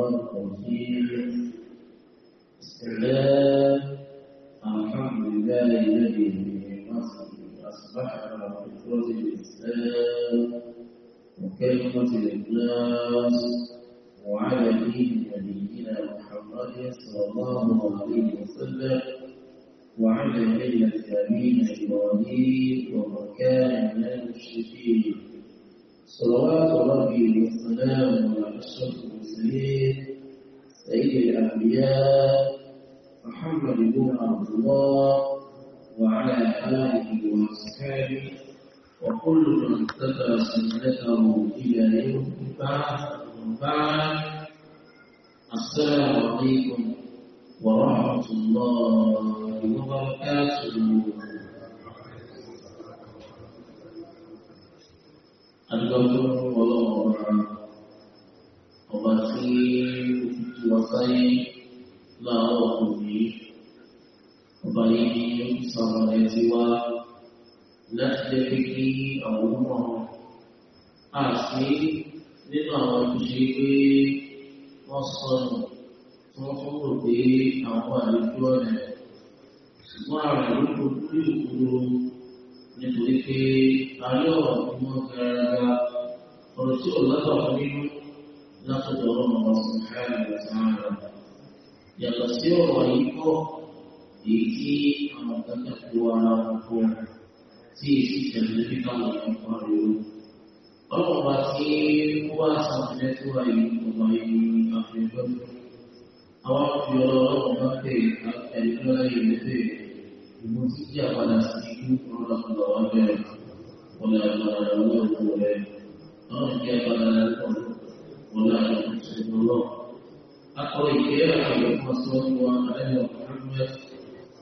والتوفيق استعلام الحمد لله الذي بنصره أصبح على فطرة الإسلام وكلمة الإخلاص وعلى دين نبينا محمد صلى الله عليه وسلم وعلى ملة أبينا إبراهيم ومن كان من المشركين صلوات ربي والسلام على أشرف المرسلين سيد الأنبياء محمد بن عبد الله وعلى آله وأصحابه وكل من اتبع سنته إلى يوم البعث بعد السلام عليكم ورحمة الله وبركاته àjọjọ́ fún ọlọ́run ọ̀rọ̀ ọba tí òfìtì wá sáyé láàárọ̀ òní ọba yìí ní sàmà ẹtì wá láti jẹ́ pé kí àwọn ọmọ àti nínú nítorí pé ayé ọ̀rọ̀ tó mọ́ gàràgà ọ̀rọ̀ tí ò lọ́tọ̀ fún nínú látọ̀dọ̀ ọlọ́run ọmọ sùnkárì àtàrà yàtọ̀ sí ọ̀rọ̀ yìí kọ́ èyí tí àwọn kankan kó ara wọn kó tí èsì tẹ̀lé bí káwọn èèyàn kan rí o ọlọ́run bá tí ó wá sàmúlẹ̀ tó wà yìí ọmọ yìí àfihàn àwọn ọmọ ọlọ́run bá bẹ̀rẹ̀ àti ẹ̀dínlọ́lá yìí المنسجة ولا سيكون رحمة الله ولا معنوه ولا أرجع ولا نقول ولا يقصد الله أقرأ كيرا أيها الصلاة وعلى محمد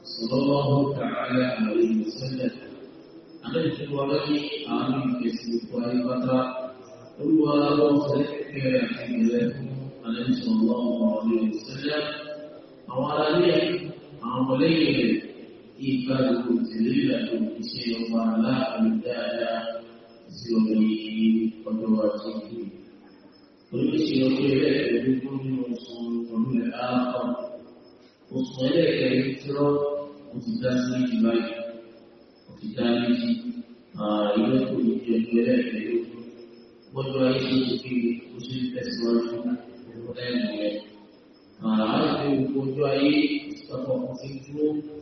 صلى الله تعالى عليه وسلم أنا في الوالي آمين كسيب وعيبتا قل ولا سيكون كيرا حملكم عليه صلى الله عليه وسلم أولا لي أعملي ibadu zilila isiyomalaa mdada isiyoii ondowajibu olùsiyọkẹlẹ ìdúgbò nínú oṣù olùlẹ ààbọ oṣù ẹlẹkẹrin tírọ òtítà sí ìbáyìí òtítà méjì ìlọpọ ìjọ ìjọ ẹlẹkẹrin gbọ́dọ̀ ayé tó ti fi oṣù tẹsíwájú ọdún ẹgbẹ̀rún àwọn àti ojú ayé ìsọfọ kò fi dúró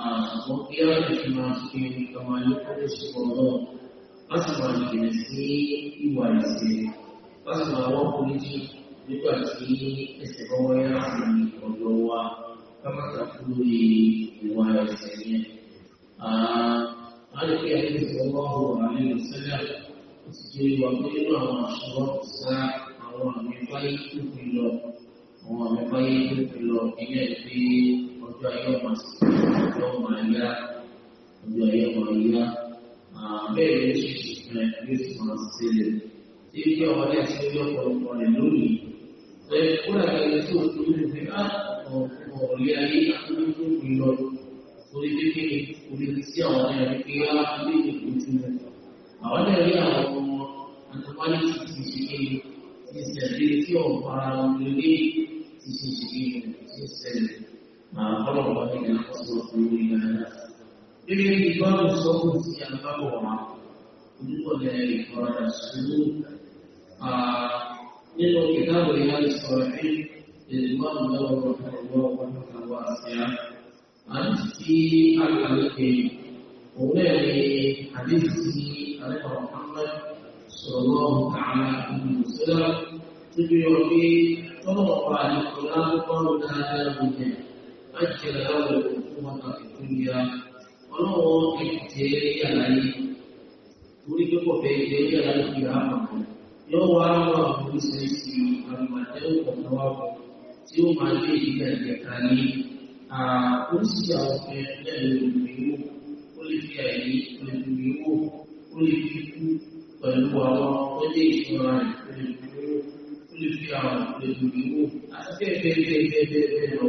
wọ́n kí ọ́ lè fi máa fi ọmọ alókòwò ṣùgbọ́n náà wọ́n sì máa jìnà sí ìwà ìṣe wọ́n sì máa wọ́n kú méjì nígbà tí ẹsẹ̀ ọwọ́ yá sí ọ̀dọ̀ wa kámátà kú lórí ìwà ìṣe yẹn. Àwọn ìpè àti ìṣòro ọ̀hún àmì ìṣẹ́lẹ̀ ó ti jẹ́ ìwà pé nínú àwọn àṣọwọ́ sá àwọn àmì báyìí tó fi lọ àwọn àmì báyìí tó fi lọ ìyẹn ti ojú ayé ọmọ sí ojú ọmọ ayá ojú ayé ọmọ ayá bẹ́ẹ̀ ló ṣe ṣùgbọ́n ẹgbẹ́ ìsìnkú sílẹ̀ tí ilé ọmọ náà ti ń lọ́pọ̀lọpọ̀ rẹ̀ lónìí lẹ́yìn kúrò àgbẹ̀rẹ̀ tí òkú ní ìwé á ọ̀pọ̀ orí ayé àkókò lọ orí kékeré orí tí àwọn náà ń pè á ní ìlú tí mo àwọn náà rí àwọn ọmọ àtọ́wálé ti ti ṣe ti ṣẹ̀lẹ̀ tí ọ̀pọ̀ ara wọn lé ti ṣe ṣe ti ṣẹlẹ̀. ما خلق من الحصر من إلى إيمان الصوت في الأمر وجود الإيمان السلوك من كتاب رياض الصالحين للإمام له رحمه الله رحمه واسعة عن في الحديث أولئك حديث عليه محمد صلى الله تعالى عليه وسلم تبيعوا في طرق القرآن قول هذا من أجل له الحكومة في الدنيا ولو إجتيري عليه تريد كفيري على القيامة يوم الله بسيسي المدعو والنواب سيوم عليه إلى الجكاني أرسي أوفي للمبيو قل في أيدي المبيو قل في pẹ̀lú àwọn ọjọ́ ìṣúra ìpínlẹ̀ ìpínlẹ̀ ìpínlẹ̀ àwọn ìpínlẹ̀ ìpínlẹ̀ àti bẹ́ẹ̀ bẹ́ẹ̀ bẹ́ẹ̀ bẹ́ẹ̀ bẹ́ẹ̀ lọ.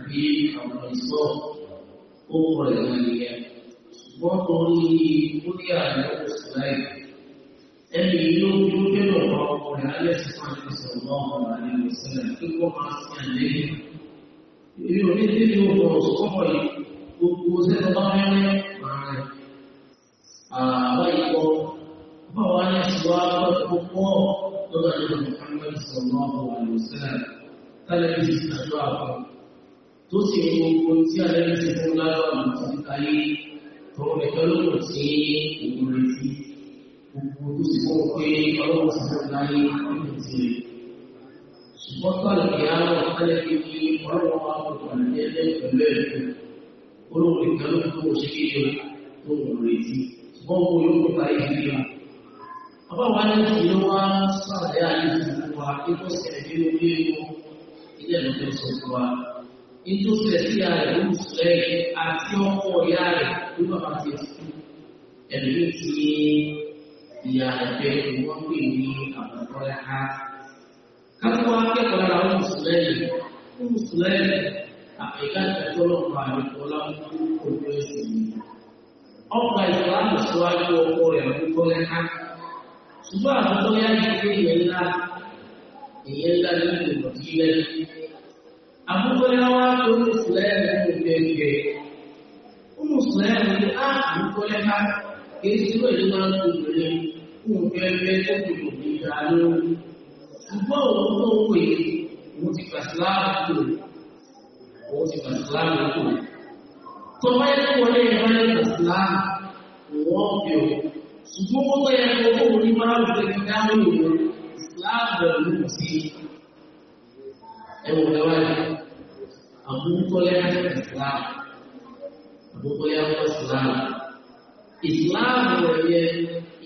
àbí àwọn ìsọ́ ó kọ̀ ẹ̀ náà nìyẹn ṣùgbọ́n tó ní kúrì àyẹ̀wò síláì ẹni yóò bí ó dé lọ́wọ́ ọkùnrin alẹ́ sí máa ń sọ lọ́wọ́ àlẹ́ ìṣẹ̀lẹ̀ kíkọ́ máa ń sìn àlẹ́ ìlú onídìí ni ó bọ̀ sọ́kọ̀ yìí gbogbo sẹ́nu bá mẹ́rin máa rẹ̀ àbá ìkọ́ báwa ní ìṣúwá gbọ́dọ̀ pọ̀ lọ́dọ̀ àlẹ́ ìṣẹ̀lẹ̀ tálẹ́ ìṣẹ̀lẹ̀ àjọ àpapọ̀ tó sì ń gbogbo tí alẹ́rìí ti fún lálọ́ọ̀nù títí káyé tọrọ ẹ̀jọ́ lọ́nà tí òun retí gbogbo tó sì fún pé ọlọ́run ti fún láyé nínú ti rẹ̀. ṣùgbọ́n tó àlùkè àwọn kí ni ọlọ́run wa kò wà ní ẹgbẹ́ pẹ̀lú ẹ̀kọ́ olóòrè kan ló kó o ṣe kéde tó òun retí ṣùgbọ́n owó yóò kó káyé kiri bàbá wa ní ìlú wa sọ̀rọ̀ ẹ̀ àyè fún wa kí wọ́n ṣẹlẹ̀ nínú nítorí ẹ̀sìn ààrẹ ló ń sùn lẹ́yìn àti ọkọ ìyá rẹ̀ ló bàbá ti ẹ̀sìn ẹ̀mí ti ìyá ẹ̀fẹ́ wọ́n pè ní àbúrọ̀lá ká. Káfíń wá kẹ́kọ̀ọ́ lára ó ń sùn lẹ́yìn ó ń sùn lẹ́yìn àpẹ̀ká ìtọ́jú ọlọ́pàá àyẹ̀kọ́ láwùjọ òkú ẹ̀sìn yìí. Ọ̀pọ̀ ìṣòro àmọ̀síwájú ọkọ rẹ̀ àbúrọ̀lá ká. Ṣùgbọ́n àwọn tó yá ìṣẹ́ ìyẹn ńlá ìyẹn ńlá nínú ìmọ̀tílẹ́yìn Amúkọ́lẹ́wá tó ní Sùlẹ́ẹ̀mù ní ìgbẹ́gbẹ́. Ọmọ Sùlẹ́ẹ̀mù ní á àmúkọ́lẹ́wá kìí sí ìwé ìlú máa ń tó ìrọ̀lẹ́ fún ìfẹ́fẹ́ tó kù kò ní ìgbà lórí. Ṣùgbọ́n òun tó ń pè é, òun ti gbàsíláàmù tó. Òun ti gbàsíláàmù tó. Tọ́wọ́ ẹ̀ wọlé ìwọlé gbàsíláàmù, wọ́n fi ọ̀. Ṣùgbọ́n ó yẹ kó owó ní máa ń tẹ̀lé dáhùn ìwọ̀n ìsìláàmù rẹ̀ ló kù sí. Ẹ wọ̀ lẹ́wọ́ Abukoya Islam Abukoya Islam Islam wọ̀nyẹ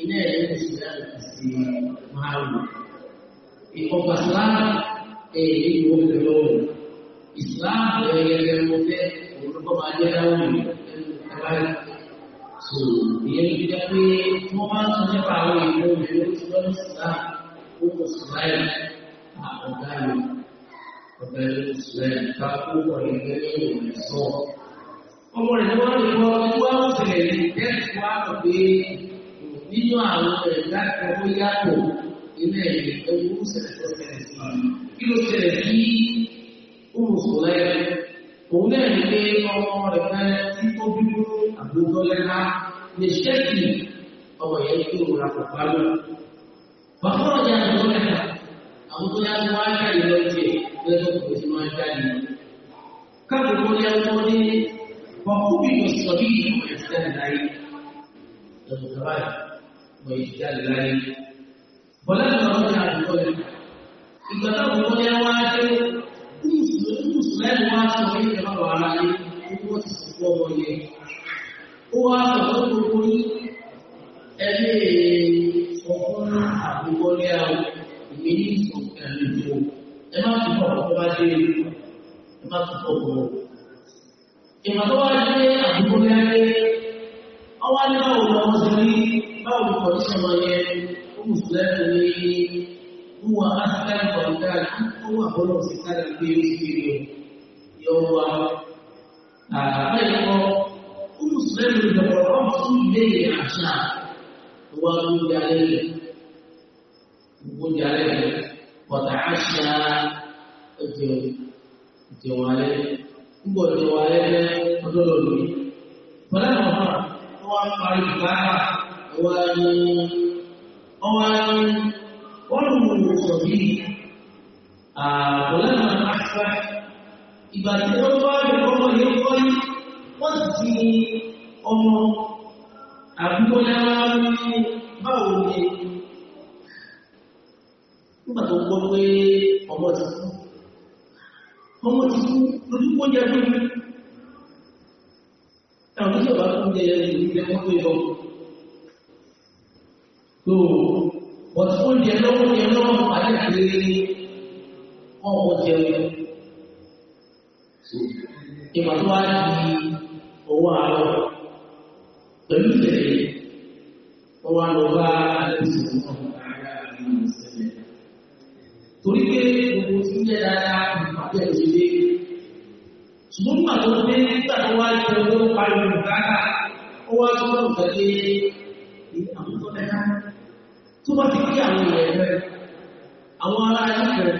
iná ẹ̀yẹ Islam ti márùn ìkọ̀kọ̀ Islam èyí ló ń bẹ̀rẹ̀ lọ́wọ́ Islam wọ̀nyẹ ẹ̀rọ fẹ́ olùkọ́ máa jẹ́ láwọn ẹ̀rọ ẹ̀rọ so ìyẹn ti jẹ́ pé wọ́n máa ń sọ nípa àwọn ìlú ìlú tí wọ́n ń Islam ó kò sí láì àkọ́kọ́ yìí ọ̀tẹ̀ ọmọ rẹ̀ wọ́n lè kọ́ ọdún wá ó ní kẹ́ẹ̀kọ́ àmọ̀ pé nínú àwọn ẹ̀dá kan ó yàtọ̀ ilé ẹ̀yẹ ẹ̀wọ́ ó ṣẹlẹ̀ tó ṣẹlẹ̀ sí i. kí ló ṣẹlẹ̀ sí olùsọ̀lẹ̀ òun náà ní pé ọmọ rẹ̀ fẹ́ tí ó dúdú àgbójọ lẹ́la lè ṣẹ́kì ọmọ yẹn kí òun ra kò bàbá ọ̀jà ìjọba àwọn tó yára wá jáde lọ tiẹ̀ lọ́jọ́ kò tí wọ́n jáde lọ. káàkiri tó yára wọ́n ní ọkùnrin yóò sọ bí ìlú ẹ̀ ti jáde láyé lọ́jọ́ kaba ìwọ̀ ẹ̀ ti jáde láyé. bọ́lá ni wọ́n ní àdúgbò rẹ̀ ìgbà táwọn tó yára wá dé mùsùlùmí wá sọ pé ìjọba wà á yé owó ti sọ fún ọmọ yẹn. ó wá sọ fún gbogbo yín ẹgbẹ́ ọ̀gbọ́n àbúgbọ́lé àwọn èyí tó ẹ̀rù ìlú ẹ má tún bọ̀ tó bá dé ẹ má tún bọ̀ bọ̀. ìmọ̀ tó wá dé àdúgbò lẹ́rẹ́ ọwọ́ ní báwo ni wọ́n ti rí báwo ni kò yẹn ó mú sílẹ̀ tó ní wúwo àtàlẹ́ ìkọ̀ǹda ó wà bọ́lọ̀ sí kára gbé ìgbé yọ wá. àbá ìkọ́ ó mú sílẹ̀ tó ní ìjọba ọ̀hún sí ilé àṣà gbogbo alẹ́ rẹ̀ bọ̀tà àṣà gbogbo ìjẹ̀wàlẹ́ rẹ̀ ọdọ́lọ́lọ́ bọ́lá àwọn ọmọ wọn parí ìbára wọn wọn wọn mú ìwòsàn bí àbọ̀lá àwọn àṣà ìgbà tí wọ́n bá rẹ̀ ọmọ yẹn kọ́ ní wọ́n ti ọmọ àbúkọ́ náà báwo ni nígbà tó gbọ́ pé ọmọ ti kú ọmọ ti kú lórí kó jẹ pé ẹ̀rọ tó jọba tó ń jẹ yẹn ní tó yọ tó wọ́n ti kó jẹ lọ́wọ́ jẹ lọ́wọ́ àti àgbèrè ọmọ jẹ ìgbà tó wá di owó àárọ̀ pẹ̀lú ìtẹ̀lé ọwọ́ àlọ́gbà àti ìṣòro torí pé gbogbo tí ń jẹ́ dáadáa ìpàdé òṣèré ṣùgbọ́n nígbà tó ń nígbà tó wá jẹ́ owó parí bùkátà ó wá tó wọ́n fẹ́ lé àwọn tó dáadáa tó bá ti kí àwọn èèyàn rẹ̀ àwọn ará ilé rẹ̀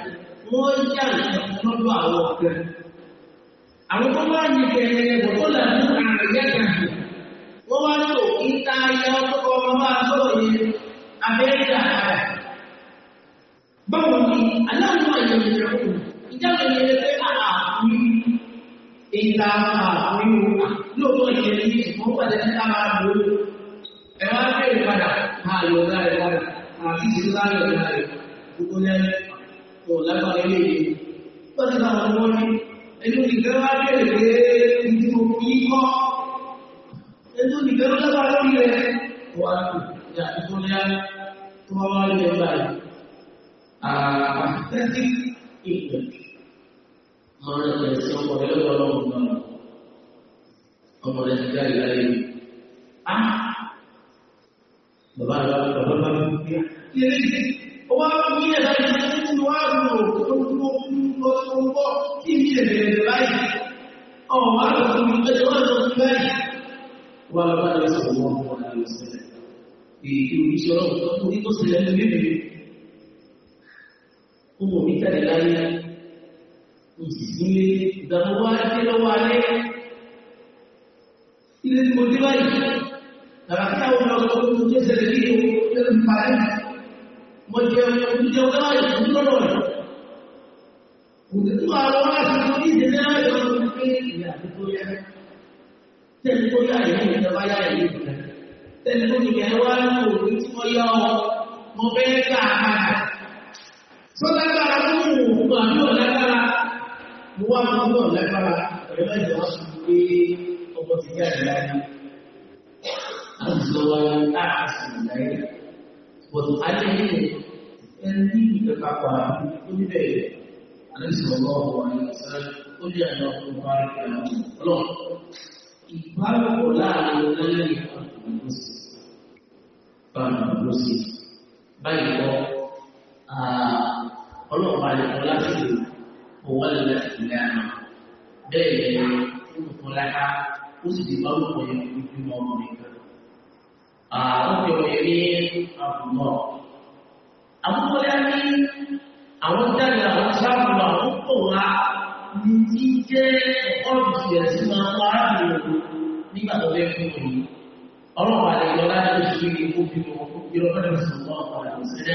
wọ́n yá ìṣẹ̀kùn lọ́dọ̀ àwọn ọ̀gá àwọn tó wá ní kẹ̀kẹ́ bọ̀tọ́ làbí àrẹ̀yẹ́kà wọ́n wá ní òkúta ayé ọkọ̀ ọmọ máa báwo ni aláwọ̀ àyẹ̀wò ìrẹ́kùn ìjábọ̀ yẹn lè fẹ́ ààfin ìta ààfin òkà lóòótọ́ ìyẹn ní ìfọwọ́ padà ní táwa lò ó ẹ wá bẹ̀rẹ̀ padà máa ah, lọ ọ̀gá rẹ̀ padà àti ìṣẹ́ láàyè ọ̀gá rẹ̀ gbogbo náà ah, ọ̀ lágbára ilé yìí wọ́n ti bá wọn wọ́n ní ẹni olùgbé wá bẹ̀rẹ̀ pé ìdí mo fi kọ́ ẹni olùgbé wọ́n lágbára lórí rẹ̀ wọ́n á tó ìyá tó wá wá lórí ọ̀gá Ah, apathetic ignorance. Àwọn ọ̀rẹ́ rẹ̀ sí ọmọ náà. Ọmọ rẹ̀ ti jáde láyé mi. Á bàbá rẹ̀ bàbá bá mi kú kíá. Ilé ìdí ó bí ilẹ̀ láyé ní ti wá lò ó kú ó bọ̀ kí ibi lè bẹ̀rẹ̀ báyìí. Ọmọ lọ sí ibi ẹjọ́ Wọ́n lọ sí Gbogbo mi tẹ̀lé láyé. Òsì sílé ìdààmú wá dé lọ́wọ́ alẹ́. Ilé tí mo dé báyìí. Làbàkí àwọn ọmọ ọmọ ọmọ tó ṣẹlẹ̀ ní ìwò tó ń parí. Mo jẹ ọmọ ọmọ tó jẹ ọmọ ọmọ ìlú lọ́dọ̀ rẹ̀. Òsì tó wà lọ́wọ́ àti mo ní ìdílé náà yọ ọmọ mi pé ìyá àti tó yá. ìjọba yá ìlú ìjọba. Tẹ́lẹ̀ tó yẹ wá lóòrùn tí wọ́n yá ọ. Mo fẹ́ tó lágbára ní ìwòkúnmọ àbí ọ̀lágbára mo wá mọ ní ọ̀lágbára ọ̀rẹ́ mẹ́jọ wá sọ pé ọkọ ti dé àdá yìí àzọ àti ìdáyé bọ̀dù alẹ́ yìí ẹni ìfẹ́fà pa oníbẹ̀ àlẹ́sọ̀rọ̀ ọ̀rọ̀ àyẹ̀sẹ̀ ó lé àwọn ọkùnrin bá rẹ̀ àwọn Ah, ọlọ́pàá lè kọ́ láti lò owó lẹ́lẹ́ ìlẹ̀ àná bẹ́ẹ̀ yẹ olùkọ́ láká ó sì ti bá olùkọ́ yẹn lójú mọ́ ọmọdé kan. àwọn ọmọ yẹn ní àbùmọ̀ àbúkọ́ yá ní àwọn jáde àwọn sáàbù àwọn pọ̀ wá ní ti jẹ́ ọ́ọ̀dùsì ẹ̀sìn máa ń wá arábìnrin nígbà tó bẹ́ẹ̀ fún mi ọlọ́pàá lè kọ́ ṣe ìgbókùnrin ọkùnrin ọlọ́pàá lè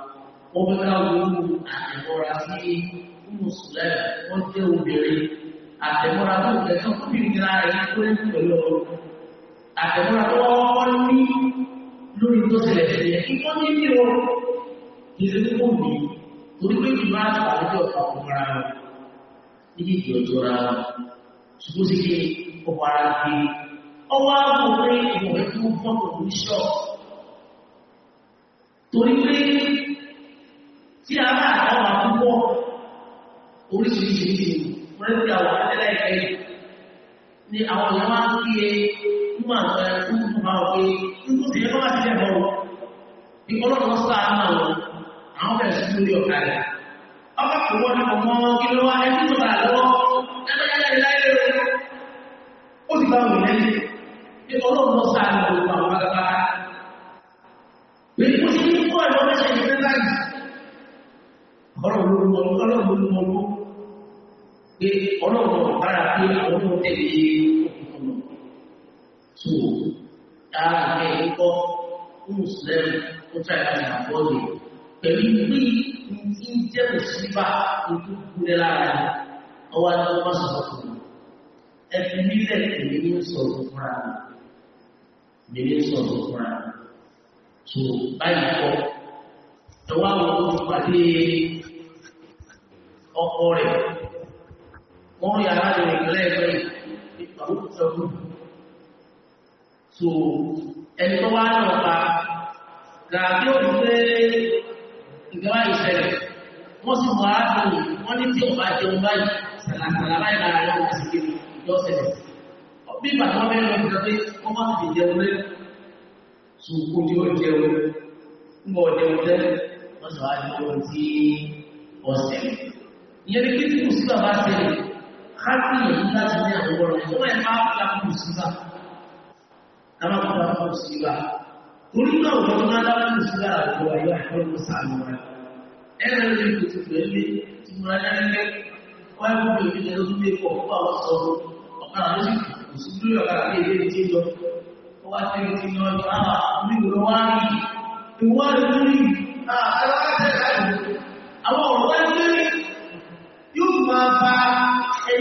wọ́n bá wọ́n àtẹ̀mọ́ra sí mùsùlẹ̀ wọ́n jẹ́ obìnrin àtẹ̀mọ́ra tó jẹ́ tó kú nira rẹ̀ tó ń pẹ̀lú ọ̀rọ̀ àtẹ̀mọ́ra tó wọ́n ní lórí tó ṣẹlẹ̀ ṣẹlẹ̀ kí wọ́n ní bí o ìṣe tó kù mí torí pé kì máa tó àlejò ọ̀pá ọ̀pá ara rẹ̀ níbi ìdí ọjọ́ ara rẹ̀ ṣùgbọ́n sì ṣe ọ̀pá ara gbé ọwọ́ àbò pé ìwọ̀n tó fọ́n kò ní ṣọ́ọ̀ torí pé tí a bá àwọn àkúkọ́ oríṣiríṣi wọ́n ń gbà wà tẹ́lẹ̀ ìfẹ́ ni àwọn èèyàn máa ń kí e ń máa sọ ẹkú ń máa wọ pé ń tó sì yẹ lọ́wọ́ sílẹ̀ bọ̀ ní ọlọ́run sọ àwọn àwọn àwọn bẹ̀rẹ̀ sí lórí ọ̀gá rẹ̀ ọba kò wọ́n ní ọmọ kí ló wá ẹkú tó bàa lọ́wọ́ ẹgbẹ́ láyé ó sì bá wù lẹ́yìn ní ọlọ́run sọ àwọn àwọn àgbà ọlọ́run ló mọ ọlọ́run ló mọ ọlọ́run pé ọlọ́run bára pé àwọn ọmọ tẹ̀lé òkùnkùn lọ. tó a ẹ̀ ń kọ́ mùsùlùmí tó fẹ́ láti àbọ̀ lè pẹ̀lú pé ti ń jẹ́ òṣìbà ojú kúrẹ́ lára ọwọ́ àti ọmọ sọ̀rọ̀ fún mi. ẹ fi nílẹ̀ sọ̀rọ̀ fúnra mi èmi sọ̀rọ̀ fúnra mi. tó báyìí kọ́ ẹ wá tó pàdé ọkọ rẹ̀ wọ́n rí arábìnrin lẹ́ẹ̀mẹ́ nípa òkútọ́gbù so ẹni tó wá náà pa gàbí òun pé ìgbà ìṣẹ̀lẹ̀ wọ́n sì mọ arábìnrin wọ́n ní tí ọba jẹun báyìí sàlàsàlà láì lára rẹ̀ wọ́n sì kéde ohun tí ọ̀sẹ̀ ìyẹn ní kí tí mùsùlùmá bá ṣẹlẹ̀ káàkiri yìí láti ní àwọn ọ̀rọ̀ ìwọ́n ẹ̀ máa kúta fún mùsùlùmá àwọn kúta fún mùsùlùmá torí náà wọ́n tó máa dáwọ́ mùsùlùmá àti wà yóò àìkọ́ ló sàánú rẹ̀ ẹ̀rọ ní kò tó pẹ̀lú tí mo rájá ní kẹ́ wọ́n ẹ̀ kúta ìbí ẹ̀rọ tó lé pọ̀ fún àwọn sọ ọ̀kan àwọn sì lórí ọ̀kan àti èdè tí lọ wọ́n wá tẹ́lẹ̀ tí lọ ní àwọn onígbòrò àwọn ọ̀rọ̀ wá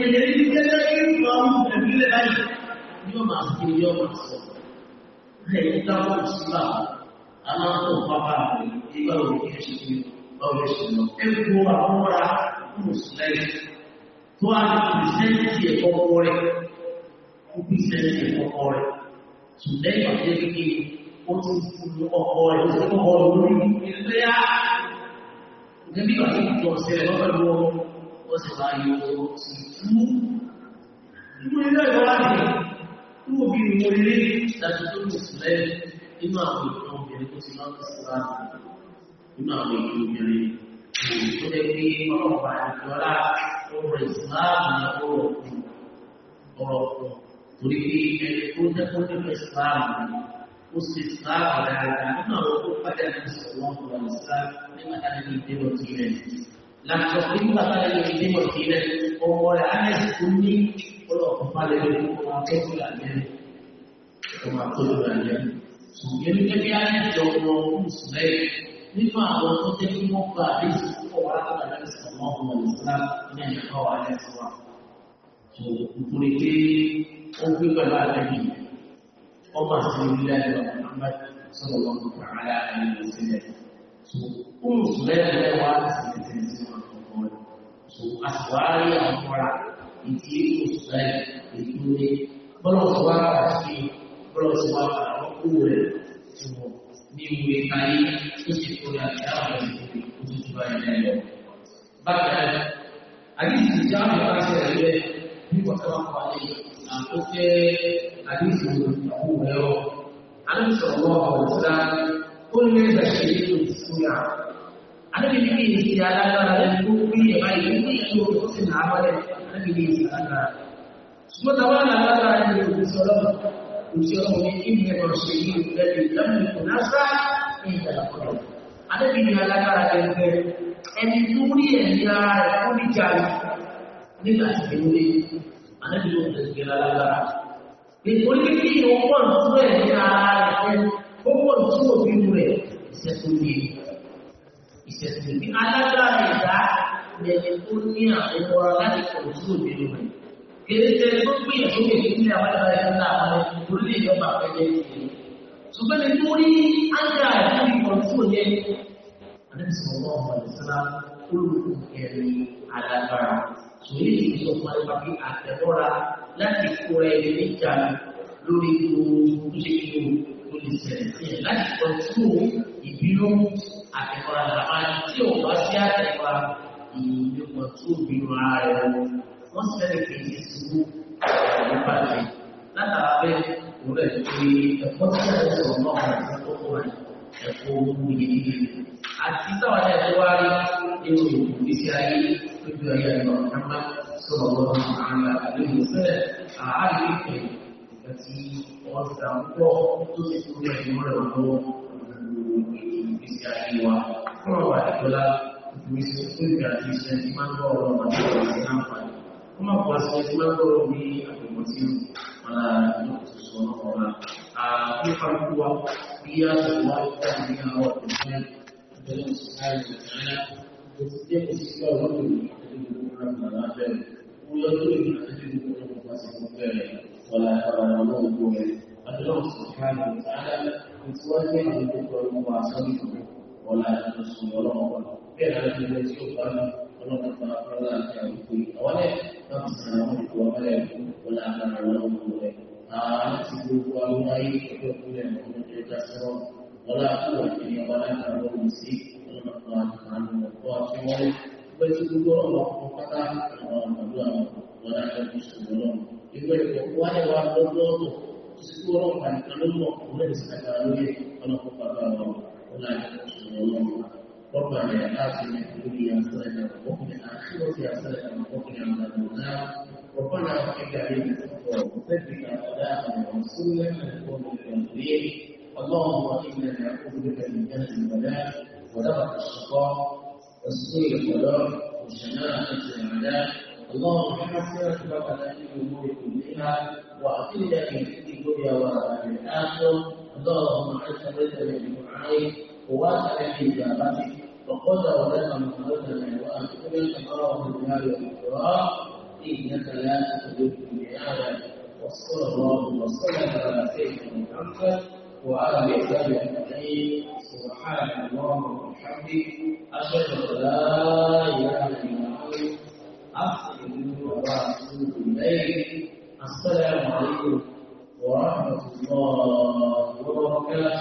èdè ní tẹ́lẹ̀ irúgbà ọmọ ìpínlẹ̀ báyìí yóò máa sí yóò máa sọ ẹ̀yìn táwọn ìṣúra aláàtọ̀ pápá ìgbà òní ẹ̀ṣin ọ̀rọ̀ ẹ̀ṣin lọ ẹ̀kọ́ àwọn ọ̀rá mùsùlùmí tó a lè pèsèntì ẹ̀kọ́ rẹ̀ ó pèsèntì ẹ̀kọ́ rẹ̀ ṣùgbọ́n ìgbà tó yẹ ó sì máa yọ tó jẹ́ pé ọlọ́pàá ìsìláàmù ó sì ìsìláàmù dáadáa nínú àwọn tó pàdé àti ìsìláàmù nígbà tá a ní ìdérò Las próximas batallas que hicimos Chile, como la es un o vale como a todo la como a todo la Subiendo que viaje, yo no usé, ni cuando no tenemos para eso, o para que la vez como como nuestra, ni a la hora de eso. So, por aquí, un poco la ley, o más de la ley, Muhammad sallallahu alaihi wasallam. Umu Sulaim lẹ́wà sí ẹ̀sìn sí ọ̀tọ̀ọ̀tọ̀ rẹ̀. So àṣìwárí àkọ́ra ìdí Umu Sulaim ètò rẹ̀ bọ́lọ̀ tó wá wà sí bọ́lọ̀ tó wá wà lọ́kù rẹ̀ tó ní ìwé ayé tó ti kó rẹ̀ àti àwọn ìwé tó ti tó báyìí lẹ́yìn. Bákan náà, àdìsí ìjà àwọn aṣọ ẹ̀rẹ́ kúrà. Àdébí ní kí èsì alágbára rẹ̀ kó pé ẹ̀bá ìlú ní ìṣòro tó sì náà wọlé àdébí ní èsì alágbára. Ṣùgbọ́n tàwa alágbára rẹ̀ lè kò sí ọlọ́run. Kò sí ọmọ ní kí ìgbẹ́ kan ṣe yí ìgbẹ́lẹ̀ ìdáhùn kò lásà ní ìdàgbàsókè. Àdébí ní alágbára rẹ̀ bẹ ẹni tó rí ẹ̀mí ara rẹ̀ kó ní jàre nígbà tí kò lé àdébí ló ní ara ìṣẹ̀sìn ní alágbára ìdá lẹ́yìn tó ní àwọn ọ̀rọ̀ láti pọ̀ sí òbí rẹ̀. Kèrèsè tó gbìyànjú mi ní ilé àwọn ìbára ẹ̀ka àwọn orílẹ̀ ìjọba àpẹẹrẹ ìṣẹ̀lẹ̀. Ṣùgbọ́n ní tó rí ángà ìlú ìkọ̀tù yẹn. Àdébí sọ̀rọ̀ ọmọ ìsọ́lá olùkọ́ ẹ̀rí alágbára. Sòrí ìṣọ̀ fún ẹgbà bí àtẹ̀lọ́ra láti kó ẹni níjà lórí gbogbo ṣe kí àtẹ̀kọ́ra làbá tí ò bá sí àtẹ̀kọ́ra ìyẹ̀pọ̀ tí ó bí wọn ara rẹ̀ wọ́n sẹ́lẹ̀ kìí sùúrù àti pàtàkì látara bẹ́ẹ̀ òun rẹ̀ ẹ̀kọ́ tí a ti sọ̀rọ̀ náà wọ́n ti tó wọ́n ẹ̀kọ́ ohun yìí àti táwọn ẹ̀kọ́ wá rí nínú ìgbésí ayé lójú ayé àyọ̀ ọ̀nàmá sọ̀rọ̀ lọ́wọ́ àwọn àlejò sẹ́lẹ̀ àárín ìpè àti ọ̀sán pọ̀ tó ti ìgbésí ayé wa fún ọ̀rọ̀ àdìgbọ́lá ìgbésí ìgbésí àti iṣẹ́ tí máa ń bọ̀ ọ̀rọ̀ àti ọ̀rọ̀ sí àǹfààní ó máa pọ̀ sí ẹgbẹ́ lọ́rọ̀ ní àgbègbè tí ó máa ní òṣìṣẹ́ ọlọ́pàá nípa ikú wa bí a ṣe wá láti ní àwọn ọ̀pọ̀lọpọ̀ ìjọba ìṣẹ́lẹ̀ ìṣẹ́lẹ̀ tó ti jẹ́ kò sí ọ̀rọ̀ lórí ìjọba ìṣẹ́lẹ̀ lábẹ́rẹ̀ ó lọ́dún ìrìn àti ìjọba ìṣẹ́lẹ̀ ọ̀pọ̀lọpọ̀ أدلوه سبحانه وتعالى يتوجه من ذكر المواصلين ولا ينصر ولا مولى بين الذي يجيب قال ولم تتنافر ذلك يا بكري أولا نفسنا ملك وملك ولا أمر ولا مولى أعطيه وأنا يكفي من الجسر ولا قوة إلا ولا أمر مسيح ولم تتنافر عنه وقوة مولى بل تقول الله فقط ولا تنصر ولا مولى إذا كنت وانا وأنا Assalamualaikum warahmatullahi wabarakatuh. اللهم حسنك لنا في امور كلها واعطنا في الدنيا الاخره اللهم وجل من بدعائك وواسع في اجابتك وقل لنا من قبلنا واخرنا كما في النار والاخره انك لا تخلف الميعاد وصلى الله وسلم على سيدنا محمد وعلى اله اجمعين سبحان الله وبحمده اشهد ان لا اله الا الله عبده ورسوله السلام عليكم ورحمة الله وبركاته